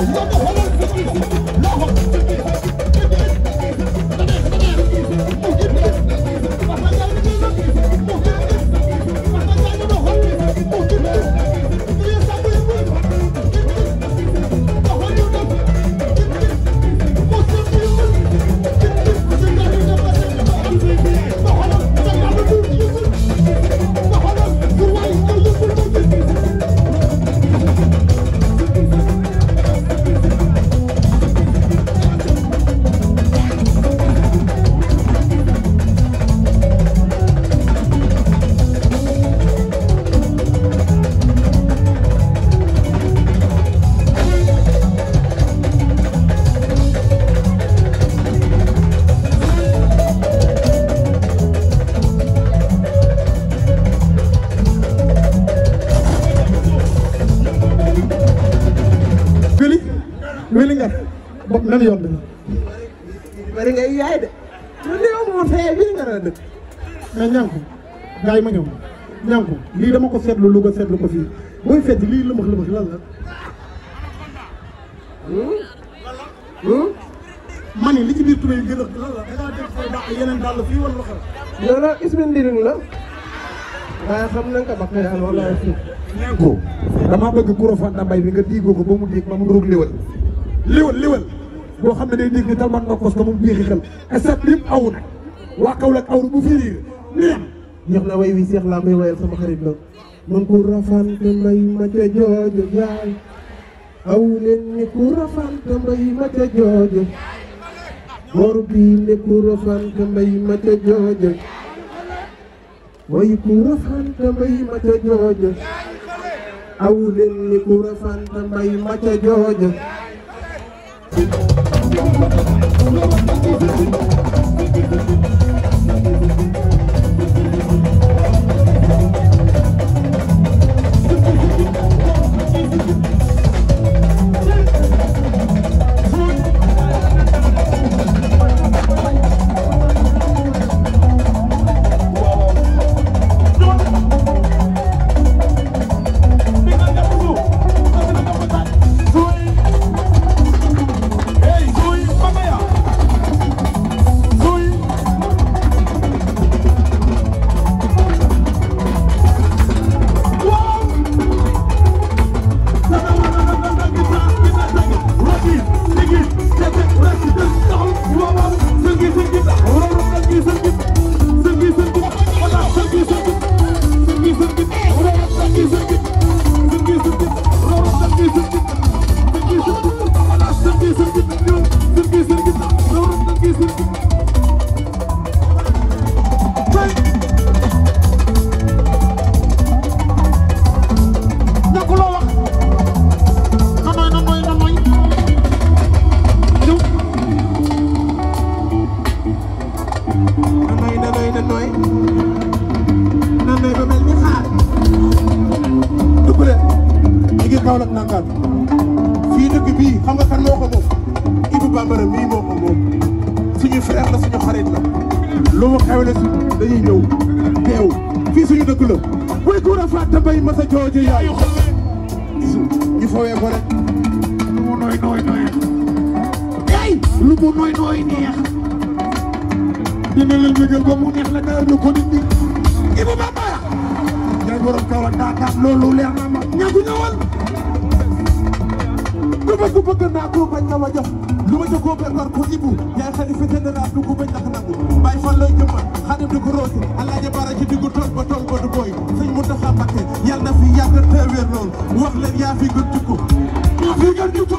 我们红。bopp lan yoon bi la. bari ngay yaay de. lu néew moo yi ma ñëw ñànku lii dama ko seetlu Louga seetlu ko fii booy fekk lii lëmëx lëmëx lan la. Hmm? Hmm? man li ci biir tur yi gën a lan la da ngaa dem fooy baax yeneen dàll fii wala lu xew. na wala bi nga diigoo ko ba mu diig ba mu dugg liwal liwal liwal. boo xam ne day dégg talman ma kos ko biixi xel esat lim aw nag waa Kaolack awru bu firiir neex ñox na way wi seex laa may wayal sama xarit la man ku rafante may ma ca joojo jaay aw leen ni ku rafante may ma ca joojo booru ku rafante may ma ca joojo way ku rafante ku rafante may ma ca joojo Thank you. Kaolack nangaan fii dëkk bii xam nga kan moo ko moom Ibou Bambara mii moo ko moom suñu frère la suñu xarit la lu mu xewle si dañuy ñëw teew fii suñu dëkk la way góor a fa tabay masa jooje yaayu ñu fawee ko rek lu mu nooy nooy nooy ay lu mu nooy nooy neex dina leen bëggal ba mu neex la dara ñu ko nit ñi Ibou Bambara yaay borom Kaolack daa taat loolu leer na ma ñagu ñëwal lu bëgg bëgg naa a jox lu ma jox ko benn ibu yaay xalifa général du ko bañ ndax nangu bàyyi fan lay jëmmal xadim di ko roosi alaaja bara ci diggu toog ba toog ba du booy sëñ Muntaxa Mbakke yàlla na fi yàgg te wér lool wax leen yaa fi gën jukko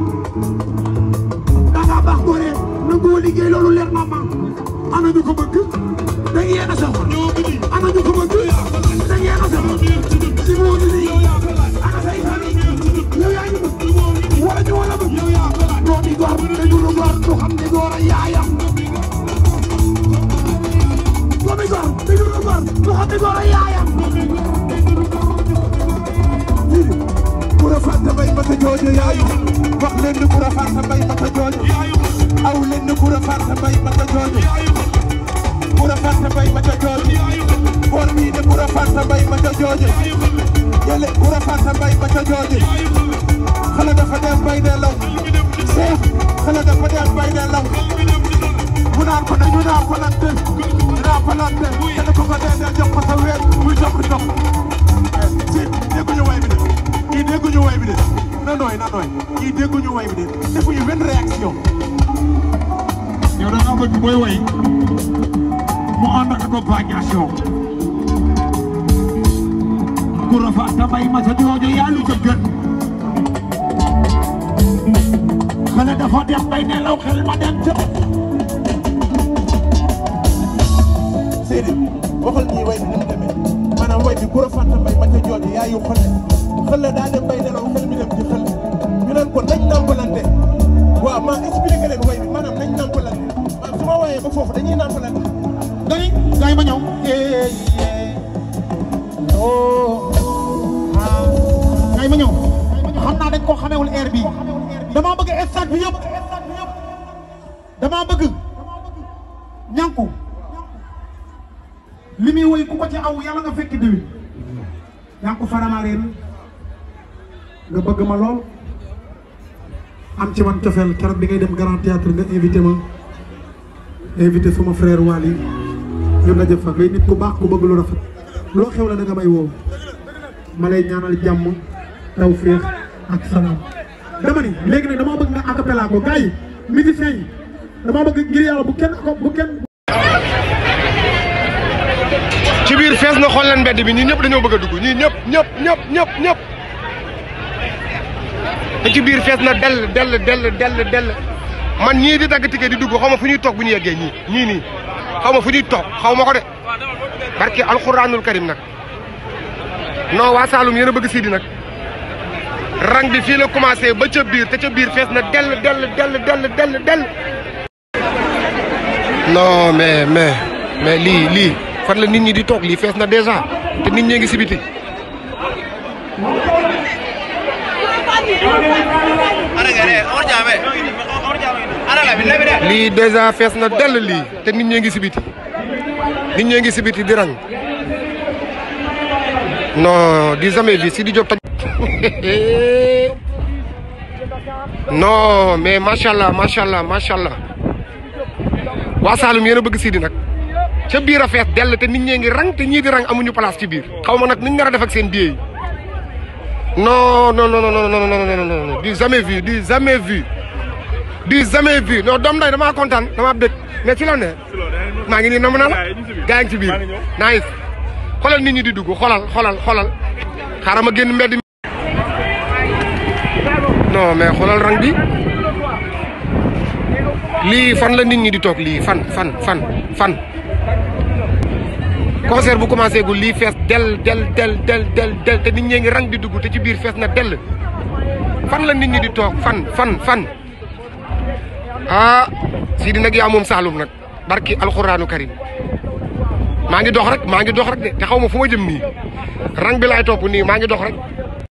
Fati Gora yaayam. lii Koura Fanta Mbaye Mata Joojo yaayu wax leen ni Koura Fanta Mbaye Mata Joojo yaayu aw leen ni Koura Fanta Mbaye Mata Joojo yaayu Koura Fanta Mbaye Mata Joojo yaayu boor bii de Koura Fanta Mbaye Mata Joojo yële Koura Fanta Mbaye Mata Joojo xale dafa dem bay delloo Cheikh xale dafa dem bay delloo mu naan ko dañu naan ko nag daa palante kenn ko ko dee dee jox ko sa wéet muy jox di dox si dégguñu way bi de kii dégguñu way bi de na nooy na nooy kii dégguñu way bi de defuñu benn réaction yow da nga bëgg booy way mu ànd ak accompagnation ku rafa tamay ma sa joojo yaa lu ca gën xale dafa dem bay nelaw xel ma dem ca waxal nii way bi ni mu demee maanaam way bi ku rafetlu mbay ma ca jooju yaayu xële xële daa dem bay nelaw xel mi dem ci xële ñu naan ko nañ nàmpalante waaw ma wayee ba foofu dañuy nàmpalante. dani gars ma ñëw. Eh, eh, ah, gars yi ma ñëw. xam naa dañ ko xamewul air bi damaa bëgg stade bi yëpp limi woy ku ko ci aw yalla nga fekk déwén yang ko farama reen nga bëgg ma lool am ci man tofel keroog bi ngay dem grand théâtre nga invité ma invité sama frère Waly ñu jëf ak lay nit ku baax ku bëgg lu rafet lo xew la nga may wo ma lay ñaanal jamm taw ak salam dama ni léegi nag dama bëgg nga acapella ko gay musicien yi dama bëgg ngir yalla bu kenn bu kenn biir fees na xool leen mbedd bi ñu ñëpp dañoo bëgg a dugg ñii ñëpp ñëpp ñëpp ñëpp te ci biir fees na dell dell dell dell dell man ñii di dagg ticket di fu ñuy toog bu ñu yeggee xaw ma fu ñuy toog xaw ma ko de barki alxuraanul nag non waa Saloum yéen a bëgg Sidi bi fii la commencé ba ca biir te ca biir fees na dell dell dell dell lii lii fan la nit ñi di toog lii fees na déjà te nit ñee ngi si biti lii déjà fees na dell lii te nit ñee ngi si biti nit ñee ngi si biti di rang non di jamais vu si di jóg taj non mais macha allah macha allah macha allah waa Saloum yéen a bëgg Sidi nag. ci biir a del te nit ñee ngi rang te ñi di rang amuñu place ci biir xawma nak nag ni def ak seen biey non non non non non non non non di jamais vu di jamais vu di jamais vu non dom day dama contane dama bëgg mais ci la ne ngi ni nam na la gaa ci biir nice xolal nit ñi di dugg xolal xolal xolal xarama genn génn mbedd non mais xolal rang bi Li fan la nit ñi di tok Li fan fan fan fan concert bu commencé gu li fess del del del del del del te nit ñi rang di dugg te ci biir fess na del fan la nit ñi di tok fan fan fan ah sidi di ya mom salum nak barki alxuraanu karim ma ngi dox rek ma ngi dox rek de te xaw jëm ni rang bi lay top ni ma ngi dox rek